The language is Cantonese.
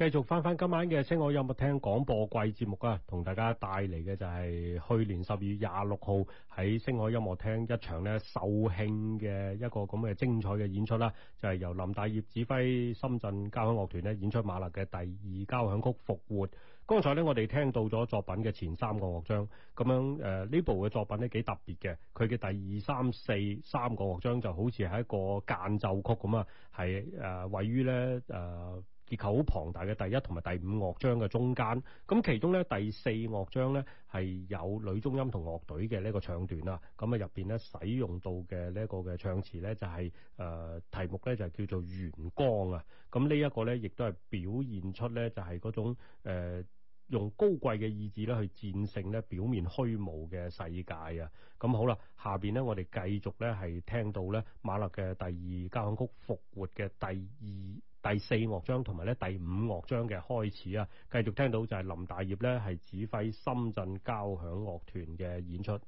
繼續返返今晚嘅星海音樂廳廣播季節目啊，同大家帶嚟嘅就係去年十二月廿六號喺星海音樂廳一場呢售罄嘅一個咁嘅精彩嘅演出啦，就係、是、由林大葉指揮深圳交響樂團咧演出馬勒嘅第二交響曲復活。剛才呢，我哋聽到咗作品嘅前三個樂章，咁樣誒呢、呃、部嘅作品呢幾特別嘅，佢嘅第二三四三個樂章就好似係一個間奏曲咁啊，係誒、呃、位於呢。誒、呃。結構好龐大嘅第一同埋第五樂章嘅中間，咁其中咧第四樂章咧係有女中音同樂隊嘅呢個唱段啦，咁啊入邊咧使用到嘅呢一個嘅唱詞咧就係、是、誒、呃、題目咧就係叫做《原光》啊，咁呢一個咧亦都係表現出咧就係、是、嗰種、呃、用高貴嘅意志咧去戰勝咧表面虛無嘅世界啊，咁好啦，下邊咧我哋繼續咧係聽到咧馬勒嘅第二交響曲復活嘅第二。第四樂章同埋咧第五樂章嘅開始啊，繼續聽到就係林大葉咧係指揮深圳交響樂團嘅演出。